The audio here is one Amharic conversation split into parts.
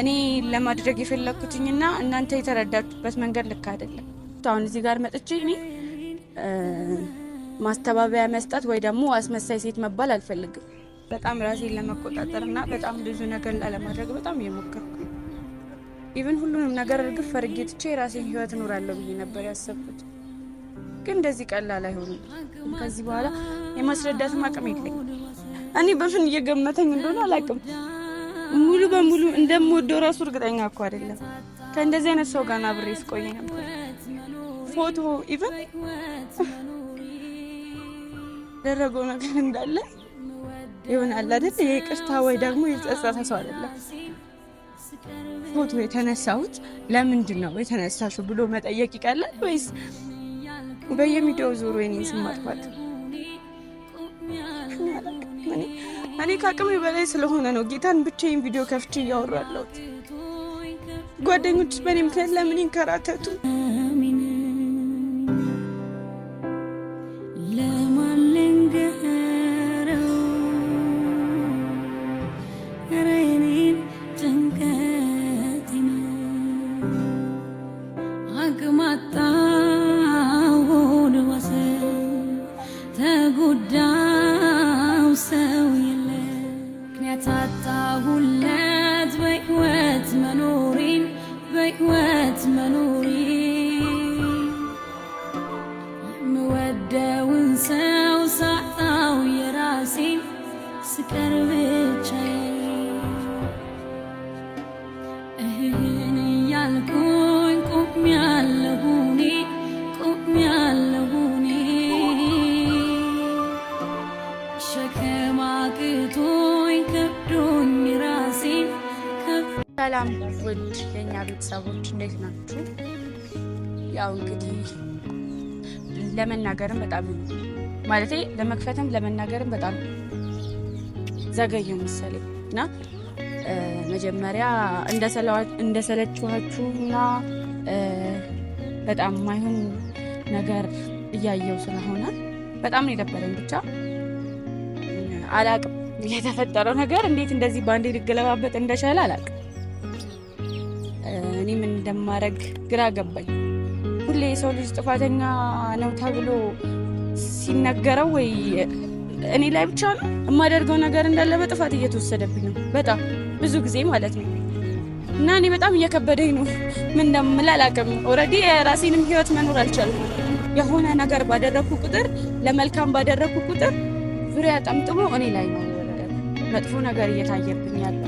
እኔ ለማድረግ የፈለግኩትኝና እናንተ የተረዳችሁበት መንገድ ልክ አይደለም። አሁን እዚህ ጋር መጥቼ እኔ ማስተባበያ መስጠት ወይ ደግሞ አስመሳይ ሴት መባል አልፈልግም። በጣም ራሴን ለመቆጣጠር ና በጣም ብዙ ነገር ላለማድረግ በጣም የሞከርኩ ኢቨን ሁሉንም ነገር እርግፍ አድርጌ ትቼ የራሴን ህይወት እኖራለሁ ብዬ ነበር ያሰብኩት። ግን እንደዚህ ቀላል አይሆንም። ከዚህ በኋላ የማስረዳትም አቅም የለኝም። እኔ በምን እየገመተኝ እንደሆነ አላውቅም። ሙሉ በሙሉ እንደምወደው ራሱ እርግጠኛ እኮ አይደለም። ከእንደዚህ አይነት ሰው ጋር አብሬ ስቆይ ነበር። ፎቶ ኢቨን ደረገው ነገር እንዳለ ይሆናል አይደል? ይቅርታ ወይ ደግሞ የጸጸተ ሰው አይደለም። ፎቶ የተነሳሁት ለምንድን ነው የተነሳሽው ብሎ መጠየቅ ይቀላል ወይስ በየሚዲያው ዞሮ የኔን ስም ማጥፋት እኔ ከአቅሜ በላይ ስለሆነ ነው ጌታን ብቻዬን ቪዲዮ ከፍቼ እያወሩ ያለሁት። ጓደኞች በእኔ ምክንያት ለምን ይንከራተቱ? ጭንቀት ሰላም ውድ የእኛ ቤተሰቦች እንዴት ናችሁ? ያው እንግዲህ ለመናገርም በጣም ማለቴ ለመክፈትም ለመናገርም በጣም ዘገየ ምሳሌ እና መጀመሪያ እንደሰለችኋችሁና በጣም ማይሆን ነገር እያየው ስለሆነ በጣም ነው የደበረኝ። ብቻ አላቅም የተፈጠረው ነገር እንዴት እንደዚህ በአንዴ ሊገለባበጥ እንደቻለ አላቅም። እኔ ምን እንደማደርግ ግራ ገባኝ። ሁሌ የሰው ልጅ ጥፋተኛ ነው ተብሎ ሲነገረው ወይ እኔ ላይ ብቻ ነው የማደርገው ነገር እንዳለ በጥፋት እየተወሰደብኝ ነው፣ በጣም ብዙ ጊዜ ማለት ነው። እና እኔ በጣም እየከበደኝ ነው። ምን እንደምል አላውቅም። ኦልሬዲ የራሴንም ህይወት መኖር አልቻልኩም። የሆነ ነገር ባደረግኩ ቁጥር፣ ለመልካም ባደረግኩ ቁጥር ዙሪያ ጠምጥሞ እኔ ላይ ነው መጥፎ ነገር እየታየብኝ ያለ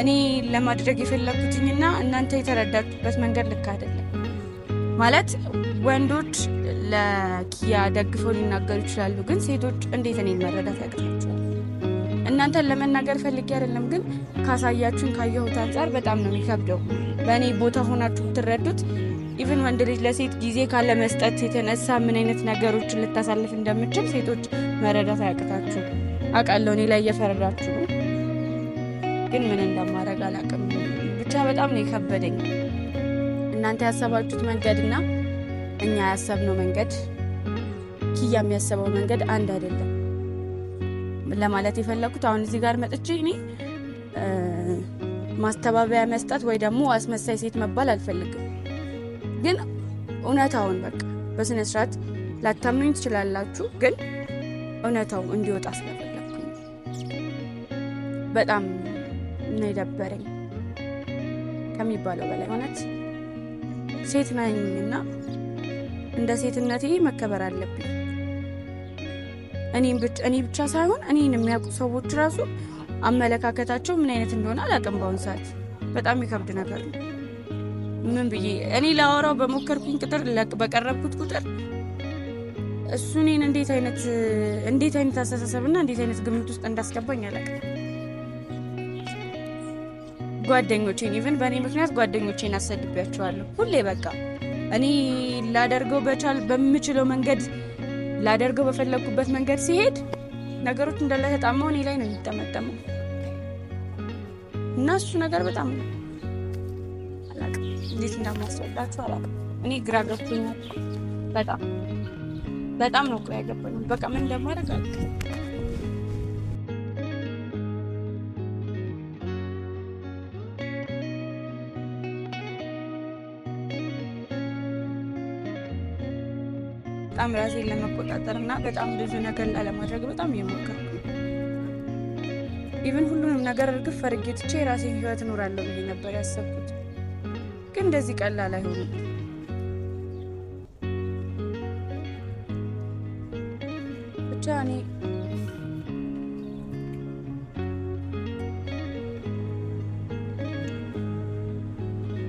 እኔ ለማድረግ የፈለግኩትኝና እናንተ የተረዳችሁበት መንገድ ልክ አይደለም። ማለት ወንዶች ለኪያ ደግፈው ሊናገሩ ይችላሉ፣ ግን ሴቶች እንዴት እኔን መረዳት ያቅታቸዋል? እናንተን ለመናገር ፈልጌ አይደለም፣ ግን ካሳያችሁን ካየሁት አንጻር በጣም ነው የሚከብደው። በእኔ ቦታ ሆናችሁ ብትረዱት ኢቨን ወንድ ልጅ ለሴት ጊዜ ካለመስጠት የተነሳ ምን አይነት ነገሮችን ልታሳልፍ እንደምችል ሴቶች መረዳት አያቅታችሁ አውቃለሁ። እኔ ላይ እየፈረዳችሁ ነው። ግን ምን እንደማድረግ አላቅም። ብቻ በጣም ነው የከበደኝ። እናንተ ያሰባችሁት መንገድና እኛ ያሰብነው መንገድ ኪያ የሚያሰበው መንገድ አንድ አይደለም ለማለት የፈለግኩት አሁን እዚህ ጋር መጥቼ እኔ ማስተባበያ መስጠት ወይ ደግሞ አስመሳይ ሴት መባል አልፈልግም። ግን እውነታውን በቃ በስነ ስርዓት ላታምኑኝ ትችላላችሁ፣ ግን እውነታው እንዲወጣ ስለፈለግኩኝ በጣም ነው የደበረኝ ከሚባለው በላይ እውነት ሴት ነኝና እንደ ሴትነቴ መከበር አለብኝ። እኔ ብቻ ሳይሆን እኔን የሚያውቁ ሰዎች ራሱ አመለካከታቸው ምን አይነት እንደሆነ አላውቅም። በአሁን ሰዓት በጣም ይከብድ ነገር ነው። ምን ብዬ እኔ ላወራው በሞከርኩኝ ቁጥር በቀረብኩት ቁጥር እሱ እኔን እንዴት አይነት አስተሳሰብና እንዴት አይነት ግምት ውስጥ እንዳስገባኝ አላውቅም። ጓደኞቼን ኢቨን በእኔ ምክንያት ጓደኞቼን አሰድቢያቸዋለሁ። ሁሌ በቃ እኔ ላደርገው በቻል በምችለው መንገድ ላደርገው በፈለግኩበት መንገድ ሲሄድ ነገሮች እንዳለ ተጣመው እኔ ላይ ነው የሚጠመጠመው እና እሱ ነገር በጣም እንዴት እንደማስረዳችሁ አላውቅም። እኔ ግራ ገብቶኛል። በጣም በጣም ነው ግራ ያገባኛል። በቃ ምን እንደማደርግ አላውቅም። በጣም ራሴን ለመቆጣጠር እና በጣም ብዙ ነገር ላለማድረግ በጣም ነው። ይብን ሁሉንም ነገር እርግፍ ፈርጌ ትቼ የራሴን ህይወት እኖራለሁ ብዬ ነበር ያሰብኩት። ግን እንደዚህ ቀላል አይሆንም። ብቻ እኔ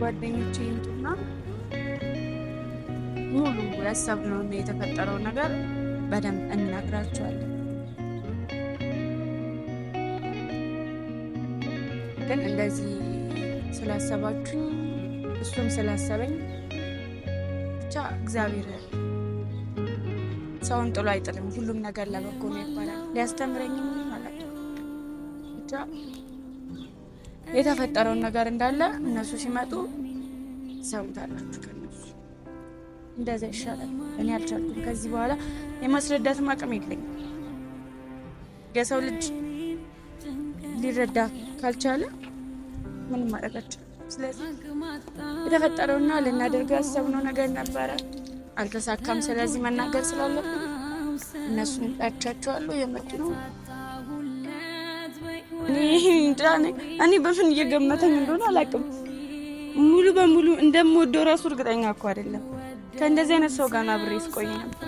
ጓደኞቼ ያሰብነውን የተፈጠረውን ነገር በደንብ እንነግራቸዋለን። ግን እንደዚህ ስላሰባችሁኝ እሱም ስላሰበኝ ብቻ እግዚአብሔር ሰውን ጥሎ አይጥልም። ሁሉም ነገር ለበጎ ነው ይባላል። ሊያስተምረኝ ማለት ብቻ የተፈጠረውን ነገር እንዳለ እነሱ ሲመጡ ሰውታላችሁ። እንደዛ ይሻላል። እኔ አልቻልኩም። ከዚህ በኋላ የማስረዳትም አቅም የለኝም። የሰው ልጅ ሊረዳ ካልቻለ ምንም ማድረግ አልቻለም። ስለዚህ የተፈጠረውና ልናደርገው ያሰብነው ነገር ነበረ፣ አልተሳካም። ስለዚህ መናገር ስላለብን እነሱን ጠርቻቸዋለሁ። የመጡ ነው። እኔ በምን እየገመተኝ እንደሆነ አላውቅም። ሙሉ በሙሉ እንደምወደው ራሱ እርግጠኛ እኮ አይደለም። ከእንደዚህ አይነት ሰው ጋር አብሬ ስቆይ ነበር።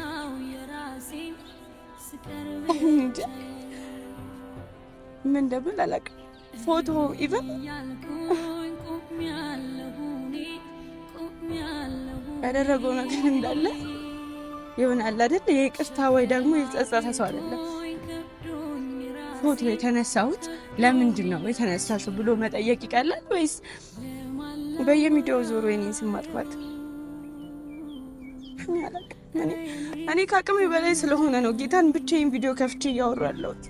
ምን እንደብል አላውቅም። ፎቶ ኢቨን ያደረገው ነገር እንዳለ ይሆናል አይደል? ይቅርታ ወይ ደግሞ የተጸጸተ ሰው አይደለም። ፎቶ የተነሳሁት ለምንድን ነው የተነሳሽው ብሎ መጠየቅ ይቀላል ወይስ በየሚዲያው ዞሮ የኔን ስም ማጥፋት አላውቅም። እኔ ከአቅሜ በላይ ስለሆነ ነው ጌታን ብቻዬን ቪዲዮ ከፍቼ እያወራሁ ያለሁት።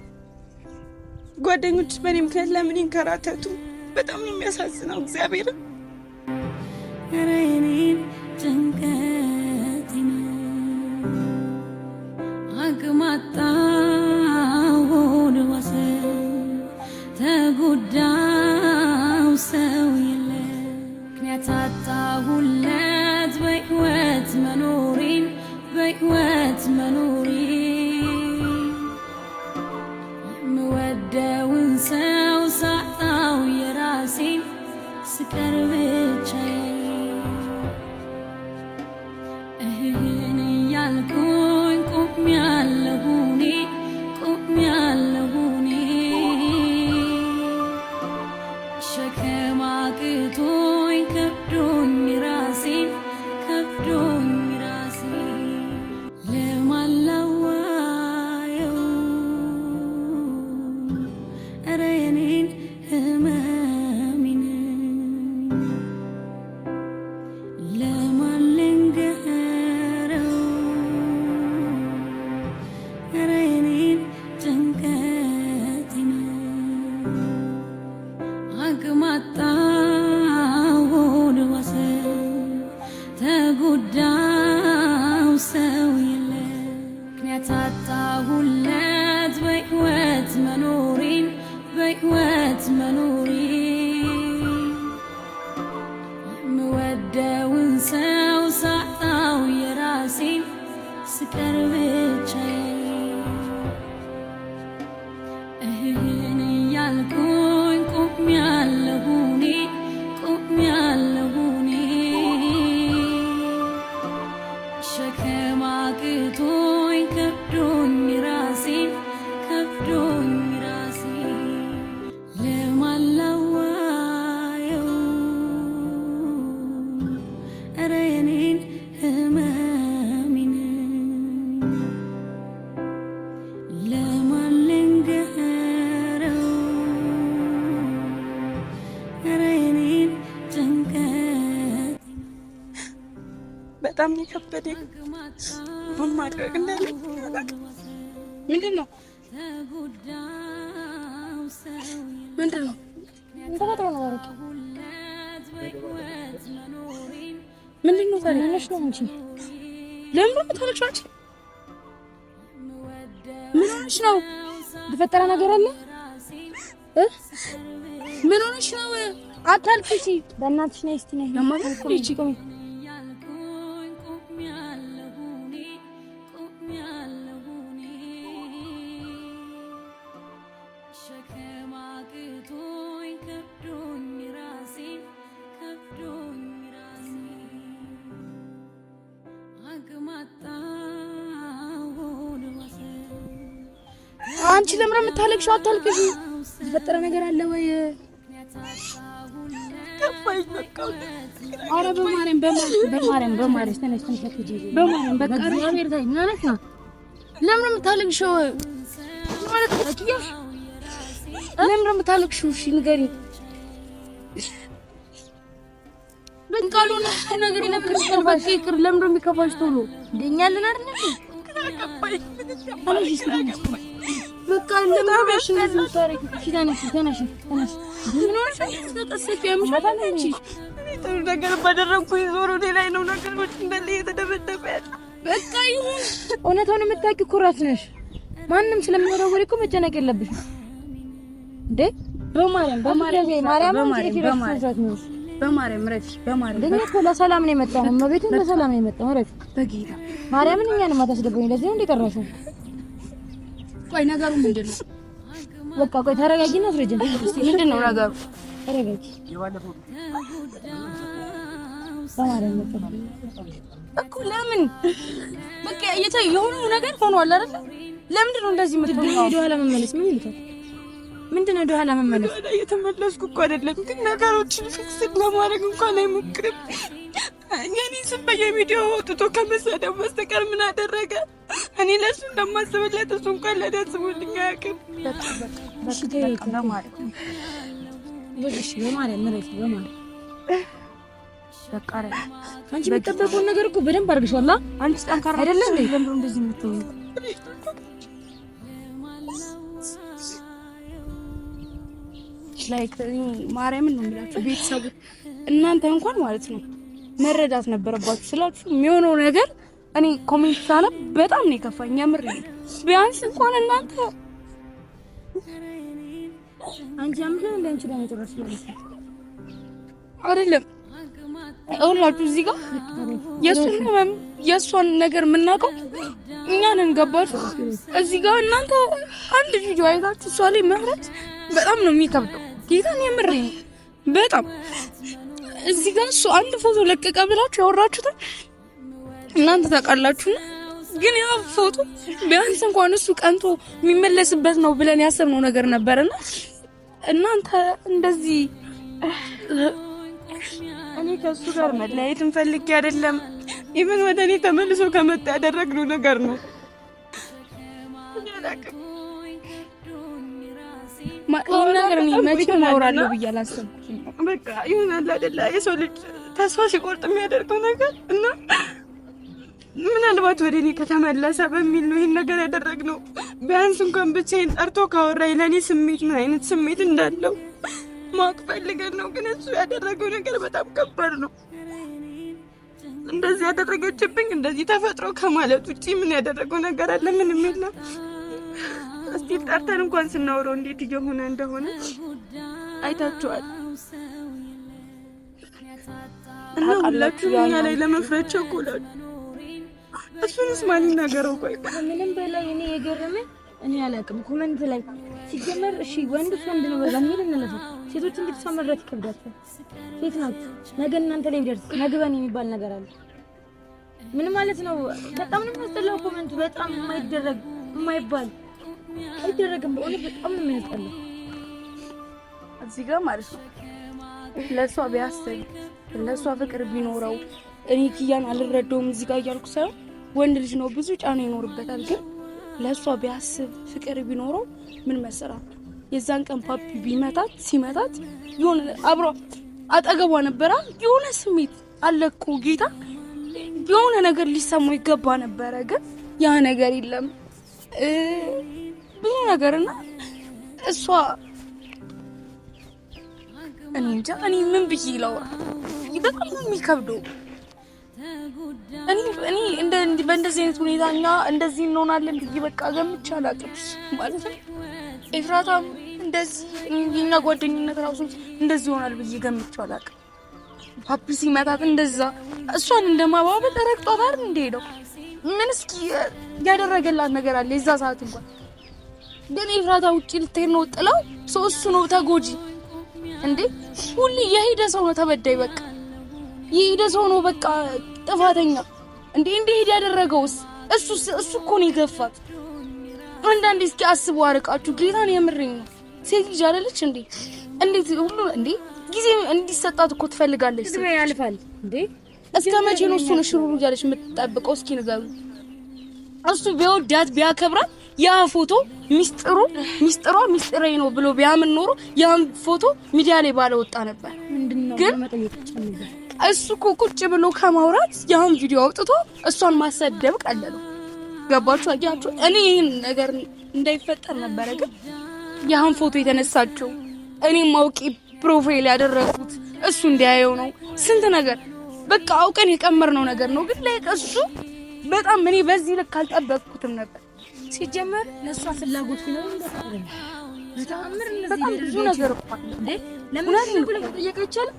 ጓደኞች በእኔ ምክንያት ለምን ይንከራተቱ? በጣም ነው የሚያሳዝነው። እግዚአብሔርን ጭንቀት የከበደኝ ምን ማድረግ እንዳለ ምንድን ነው ምንድን ነው ተፈጥሮ ነው ምንድን ነው ነው እንጂ ለምን ነው ምን ሆነሽ ነው የተፈጠረ ነገር አለ ምን ሆነሽ ነው አታልቅሽ በእናትሽ ነይ ነይ ካላለቅሽው አታልቅሽ። የተፈጠረ ነገር አለ ወይ? ኧረ በማርያም በማርያም በማርያም ተነሽ ተነሽ በማርያም በቃ እግዚአብሔር ታይ ማለት ነው። ለምን የምታለቅሽው? ለምን የምታለቅሽው? እሺ ንገሪ። በቃሉ አልሆነ ነገር ይነግርሻል። በቃ ይቅር። ለምን የሚከፋሽ ቶሎ ደኛለን አይደል? በቃ ነገር ባደረግኩ ዞሮ ላይ ነው ነገሮች እንዳለ እየተደበደበ ያለ። በቃ ይሁን እውነቱን የምታውቂው ኩራት ነሽ። ማንም ስለሚወረወር እኮ መጨነቅ የለብሽም እንዴ። በማርያም በማርያም በማርያም በማርያም ረፊ በማርያም ደግሞ እኮ ለሰላም ነው የመጣው። ቆይ ነገሩ ምንድን ነው? በቃ ቆይ ተረጋጊና አስረጅን። ምንድን ነው ነገሩ? ተረጋጊ። እኮ ለምን በቃ እየታየ የሆነው ነገር ሆኗል አይደል? ለምንድን ነው እንደዚህ የምትሆነው? ወደ ኋላ መመለስ ምን ይሉታል? ምንድን ነው ኋላ መመለስ? እየተመለስኩ እኮ አይደለም፣ ግን ነገሮችን ፊክስ ለማድረግ እንኳን አይሞክርም። የኔ ስም በየሚዲያው ወጥቶ ከመሰደው በስተቀር ምን አደረገ? እኔ ለሱ እንደማስብለት እሱ እንኳን ለደስቡልኝ በቃ አንቺ የሚጠበቀውን ነገር እኮ በደንብ አድርግሻል። አንቺ ጠንካራ አይደለ? እንደዚህ የምትሆኑ ላይክ ማርያምን ነው የሚላችሁ ቤተሰቡ እናንተ እንኳን ማለት ነው መረዳት ነበረባችሁ ስላችሁ የሚሆነው ነገር እኔ ኮሜንት ሳነብ በጣም ነው የከፋኝ። የምር ቢያንስ እንኳን እናንተ አንቺ አምሽን እንደ አንቺ ደግሞ ተረስ አይደለም ሁላችሁ እዚህ ጋር የእሱን ህመም የእሷን ነገር የምናውቀው ነን። ገባችሁ። እዚህ ጋር እናንተ አንድ ቪዲዮ አይታችሁ እሷ ላይ መፍረት በጣም ነው የሚከብደው። ጌታን የምር በጣም እዚህ ጋር እሱ አንድ ፎቶ ለቀቀ ብላችሁ ያወራችሁትን እናንተ ታውቃላችሁ። ግን ያ ፎቶ ቢያንስ እንኳን እሱ ቀንቶ የሚመለስበት ነው ብለን ያሰብነው ነገር ነበርና እናንተ እንደዚህ እኔ ከሱ ጋር መለያየት እንፈልግ አይደለም። ኢቨን ወደ እኔ ተመልሶ ከመጣ ያደረግነው ነገር ነው። ይህ ነገር መቼ ማውራለሁ ብዬ አላሰብኩም። በቃ ይሆናል አይደለ የሰው ልጅ ተስፋ ሲቆርጥ የሚያደርገው ነገር እና ምናልባት ወደ እኔ ከተመለሰ በሚል ነው ይህን ነገር ያደረግነው። ቢያንስ እንኳን ብቻዬን ጠርቶ ካወራኝ ለእኔ ስሜት ምን አይነት ስሜት እንዳለው ማወቅ ፈልገን ነው። ግን እሱ ያደረገው ነገር በጣም ከባድ ነው። እንደዚህ ያደረገችብኝ እንደዚህ ተፈጥሮ ከማለት ውጭ ምን ያደረገው ነገር አለ? ምንም የለም። እስቲ ጠርተን እንኳን ስናወረው እንዴት እየሆነ እንደሆነ አይታችኋል። እና ሁላችሁ እኛ ላይ ለመፍረድ ቸኮላችሁ። እሱንስ ማን ይናገረው? ቆይ ምንም በላይ እኔ የገረመኝ እኔ አላውቅም። ኮመንት ላይ ሲጀመር እሺ ወንድ ወንድ ነው በዛ ምን እንለፈ ሴቶች እንዴት ሰው መረት ይከብዳቸዋል? ሴት ናችሁ። ነገ እናንተ ላይ ቢደርስ ነግበን የሚባል ነገር አለ። ምን ማለት ነው? በጣም ነው የሚያስጠላው ኮመንቱ። በጣም የማይደረግ የማይባል አይደረግም። በእውነት በጣም ነው የሚያስጠላው። እዚህ ጋር ማለት ነው ለእሷ ቢያስብ ለእሷ ፍቅር ቢኖረው እኔ ኪያን አልረዳውም እዚህ ጋር እያልኩ ሳይሆን ወንድ ልጅ ነው፣ ብዙ ጫና ይኖርበታል። ግን ለእሷ ቢያስብ ፍቅር ቢኖረው ምን መሰራት የዛን ቀን ፓፒ ቢመታት ሲመታት የሆነ አብሮ አጠገቧ ነበረ። የሆነ ስሜት አለኮ ጌታ የሆነ ነገር ሊሰማው ይገባ ነበረ፣ ግን ያ ነገር የለም ብዙ ነገርና እሷ እኔ እንጃ እኔ ምን ብዬ ላውራ በጣም የሚከብደው። እኔ እኔ በእንደዚህ አይነት ሁኔታ እኛ እንደዚህ እንሆናለን ብዬ በቃ ገምቼ አላውቅም ማለት ነው። ኤፍራታም እንደዚህ እኛ ጓደኝነት ራሱ እንደዚህ ይሆናል ብዬ ገምቼ አላውቅም። ፓፒ ሲመታት እንደዛ እሷን እንደማባበል ረግጧታል እንደሄደው ምን እስኪ ያደረገላት ነገር አለ? የዛ ሰዓት እንኳን ግን ኤፍራታ ውጭ ልትሄድ ነው ጥለው ሰው ነው ተጎጂ እንዴ! ሁሉ የሄደ ሰው ነው ተበዳይ፣ በቃ የሄደ ሰው ነው በቃ ጥፋተኛ እንዴ እንዲሄድ ያደረገውስ እሱ እሱ እኮ ነው የገፋት። አንዳንዴ እስኪ አስቡ አርቃችሁ ጌታን። የምሬኝ ነው። ሴት ልጅ አይደለች እንዴ? እንዴት ሁሉ እንዴ ጊዜ እንዲሰጣት እኮ ትፈልጋለች። እድሜ ያልፋል እንዴ? እስከ መቼ ነው እሱን ሽሩሩ እያለች የምትጠብቀው? እስኪ ንገሩ። እሱ ቢወዳት ቢያከብራት ያ ፎቶ ሚስጥሩ ሚስጥሯ ሚስጥሬ ነው ብሎ ቢያምን ኖሮ ያን ፎቶ ሚዲያ ላይ ባለወጣ ነበር ግን እሱ እኮ ቁጭ ብሎ ከማውራት ያን ቪዲዮ አውጥቶ እሷን ማሰደብ ቀለለው። ገባችሁ? አያችሁ? እኔ ይህን ነገር እንዳይፈጠር ነበረ። ግን ያን ፎቶ የተነሳችው እኔ ማውቂ ፕሮፋይል ያደረኩት እሱ እንዲያየው ነው። ስንት ነገር በቃ አውቀን የቀመርነው ነገር ነው። ግን ላይ እሱ በጣም እኔ በዚህ ልክ አልጠበቅኩትም ነበር። ሲጀመር ለእሷ ፍላጎት ነው። በጣም ብዙ ነገር እኮ ለምን ጠየቀ ይቻላል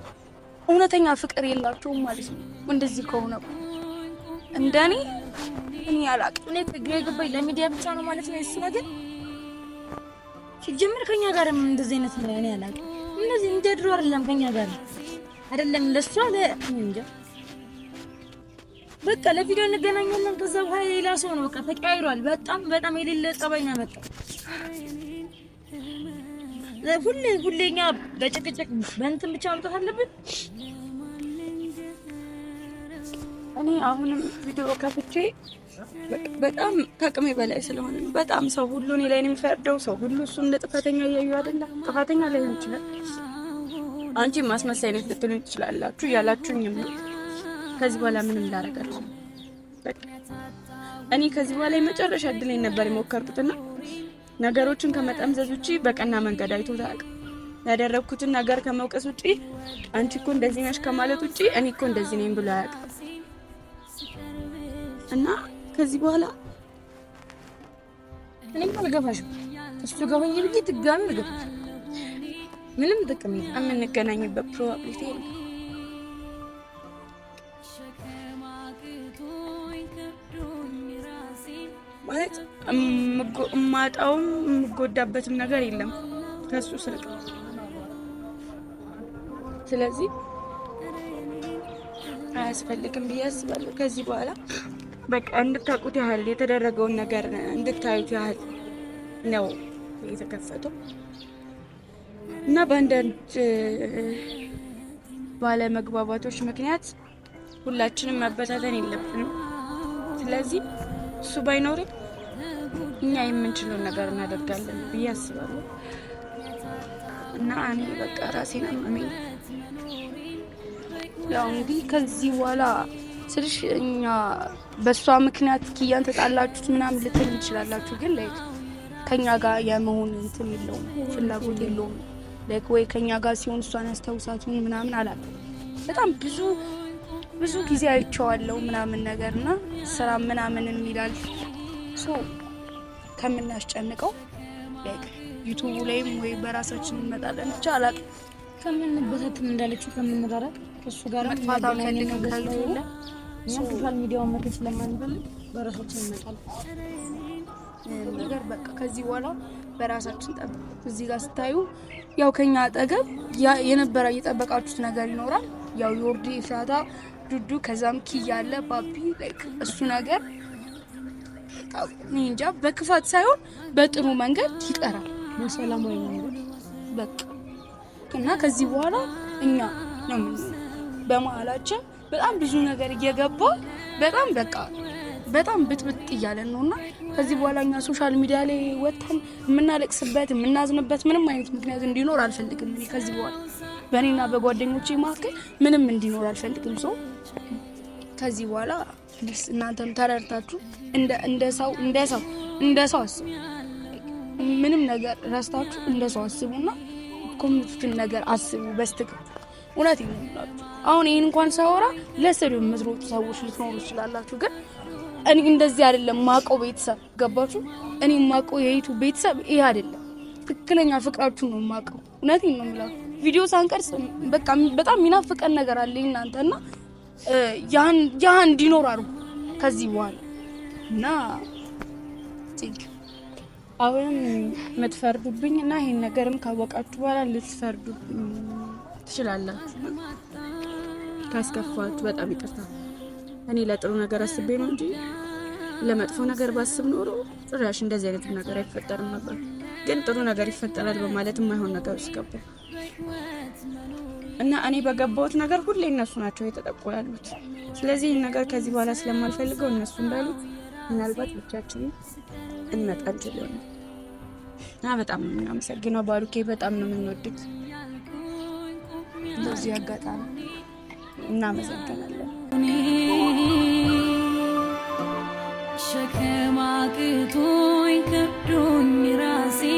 እውነተኛ ፍቅር የላቸውም ማለት ነው። እንደዚህ ከሆነ እንደኔ እኔ አላውቅም። እኔ ግራ የገባኝ ለሚዲያ ብቻ ነው ማለት ነው። እሱ ነገር ሲጀምር ከኛ ጋር እንደዚህ አይነት ነው። እኔ አላውቅም። እንደዚህ እንደ ድሮ አይደለም፣ ከኛ ጋር አይደለም። ለእሷ ለእንጃ በቃ ለቪዲዮ እንገናኛለን። ከዛ በኋላ ሌላ ሰው ነው። በቃ ተቀያይሯል። በጣም በጣም የሌለ ጠባይ ነው ያመጣው። ሁሌ ሁሌ እኛ በጭቅጭቅ በእንትን ብቻ መምጣት አለብን። እኔ አሁንም ቪዲዮ ከፍቼ በጣም ከአቅሜ በላይ ስለሆነ በጣም ሰው ሁሉ እኔ ላይ ነው የሚፈርደው። ሰው ሁሉ እሱ እንደ ጥፋተኛ እያዩ አይደለም። ጥፋተኛ ላይሆን ይችላል። አንቺ ማስመሳይ ነው ልትሉኝ ትችላላችሁ። እያላችሁኝም ከዚህ በኋላ ምንም ላረጋለሁ። እኔ ከዚህ በኋላ የመጨረሻ እድል ነበር የሞከርኩትና ነገሮችን ከመጠምዘዝ ውጪ በቀና መንገድ አይቶ ታውቅ ያደረግኩትን ነገር ከመውቀስ ውጪ አንቺ እኮ እንደዚህ ነሽ ከማለት ውጪ እኔ እኮ እንደዚህ ነኝ ብሎ አያውቅም። እና ከዚህ በኋላ እኔም አልገባሽም። እሱ ገባኝ ብዬ ድጋሚ አልገባሽም። ምንም ጥቅም የለም። የምንገናኝበት ፕሮባብሊቲ የለም። ማለት እማጣውም የምጎዳበትም ነገር የለም ከሱ ስርቅ። ስለዚህ አያስፈልግም ብዬ አስባለሁ። ከዚህ በኋላ በቃ እንድታውቁት ያህል የተደረገውን ነገር እንድታዩት ያህል ነው የተከፈተው እና በአንዳንድ ባለመግባባቶች ምክንያት ሁላችንም መበታተን የለብንም። ስለዚህ እሱ ባይኖርም እኛ የምንችለው ነገር እናደርጋለን ብዬ አስባለሁ እና እኔ በቃ ራሴን አመመኝ። ያው እንግዲህ ከዚህ በኋላ ስልሽ እኛ በእሷ ምክንያት ኪያን ተጣላችሁት ምናምን ልትል እንችላላችሁ፣ ግን ላይክ ከእኛ ጋር የመሆን እንትን የለውም ፍላጎት የለውም። ላይክ ወይ ከእኛ ጋር ሲሆን እሷን ያስታውሳቱን ምናምን አላለ በጣም ብዙ ብዙ ጊዜ አይቼዋለሁ ምናምን ነገር እና ስራ ምናምን የሚላል ሶ ከምናስጨንቀው ዩቱቡ ላይም ወይ በራሳችን እንመጣለን ብቻ አላቅ ከምንበታትን እንዳለችው ከምንራራቅ እሱ ጋር ሶሻል ሚዲያውን መተት ስለማንበል በራሳችን እንመጣለን። ነገር በቃ ከዚህ በኋላ በራሳችን ጠብ እዚህ ጋር ስታዩ ያው ከኛ አጠገብ የነበረ እየጠበቃችሁት ነገር ይኖራል። ያው የወርድ ኢፍራታ ዱዱ ከዛም ኪ ያለ ባቢ እሱ ነገር እንጃ በክፋት ሳይሆን በጥሩ መንገድ ይቀራል፣ በሰላማዊ መንገድ በቃ እና ከዚህ በኋላ እኛ ነው በመሀላችን በጣም ብዙ ነገር እየገባ በጣም በቃ በጣም ብጥብጥ እያለን ነው እና ከዚህ በኋላ እኛ ሶሻል ሚዲያ ላይ ወጥተን የምናለቅስበት የምናዝንበት ምንም አይነት ምክንያት እንዲኖር አልፈልግም። ከዚህ በኋላ በእኔና በጓደኞቼ መካከል ምንም እንዲኖር አልፈልግም ሰው ከዚህ በኋላ እናንተም ተረድታችሁ እንደ ሰው እንደ ሰው እንደ ሰው አስቡ። ምንም ነገር ረስታችሁ እንደ ሰው አስቡና ኮሚኒቲን ነገር አስቡ በስትክክል። እውነት ይሆንላችሁ። አሁን ይህን እንኳን ሳወራ ለስሪ የምትሮጡ ሰዎች ልትኖሩ ይችላላችሁ፣ ግን እኔ እንደዚህ አይደለም ማቀው ቤተሰብ ገባችሁ። እኔ ማቀው የይቱ ቤተሰብ ይህ አይደለም። ትክክለኛ ፍቅራችሁ ነው ማቀው። እውነት ነው የምላችሁ። ቪዲዮ ሳንቀርጽ በቃ በጣም ሚናፍቀን ነገር አለ እናንተና ያህ እንዲኖር አሩ ከዚህ በኋላ እና አሁንም የምትፈርዱብኝ እና ይህን ነገርም ካወቃችሁ በኋላ ልትፈርዱብኝ ትችላላችሁ። ካስከፋችሁ በጣም ይቅርታ። እኔ ለጥሩ ነገር አስቤ ነው እንጂ ለመጥፎ ነገር ባስብ ኖሮ ጭራሽ እንደዚህ አይነት ነገር አይፈጠርም ነበር። ግን ጥሩ ነገር ይፈጠራል በማለት የማይሆን ነገር ውስጥ እና እኔ በገባሁት ነገር ሁሌ እነሱ ናቸው የተጠቁ ያሉት። ስለዚህ ይህን ነገር ከዚህ በኋላ ስለማልፈልገው እነሱ እንዳሉ ምናልባት ብቻችን እንመጣል እንችል እና በጣም ነው የምናመሰግነው። ባሉኬ፣ በጣም ነው የምንወድግ። በዚህ አጋጣሚ እናመሰግናለን። ሸክም አቅቶኝ ከብዶኝ ራሴ